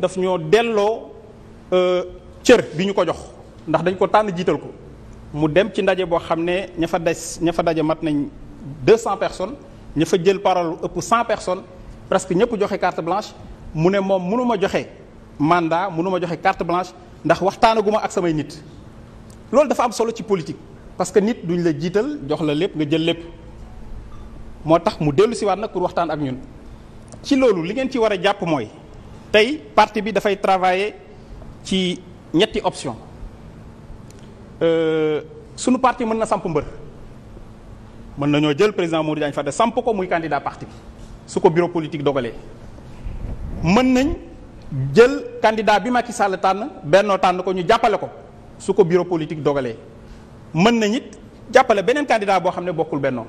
daf ñoo delloo euh, cër bi ñu ko jox ndax dañ ko tànn jiital ko mu dem ci ndaje boo xam ne ña fa des ña fa daje mat nañ deux cent personnes ña fa jël parole ëpp cent presque ñëpp joxe carte blanche mu ne moom mënuma joxe mandat mënuma joxe carte blanche ndax waxtaanaguma ak samay nit loolu dafa am solo ci politique parce que nit duñ la jiital jox la lépp nga jël lépp moo tax mu dellu siwaat nag pour waxtaan ak ñun ci loolu li ngeen ci war a jàpp mooy tey parti bi dafay travailler ci ñetti option euh, sunu parti mën na samp mbër mën nañoo jël président Modou Diagne Fada samp ko muy candidat parti bi su ko bureau politique dogalee mën nañ jël candidat bi Macky Sall tànn bennoo tànn ko ñu jàppale ko su ko bureau politique dogalee mën nañ ñit jàppale beneen candidat boo xam ne bokkul bennoo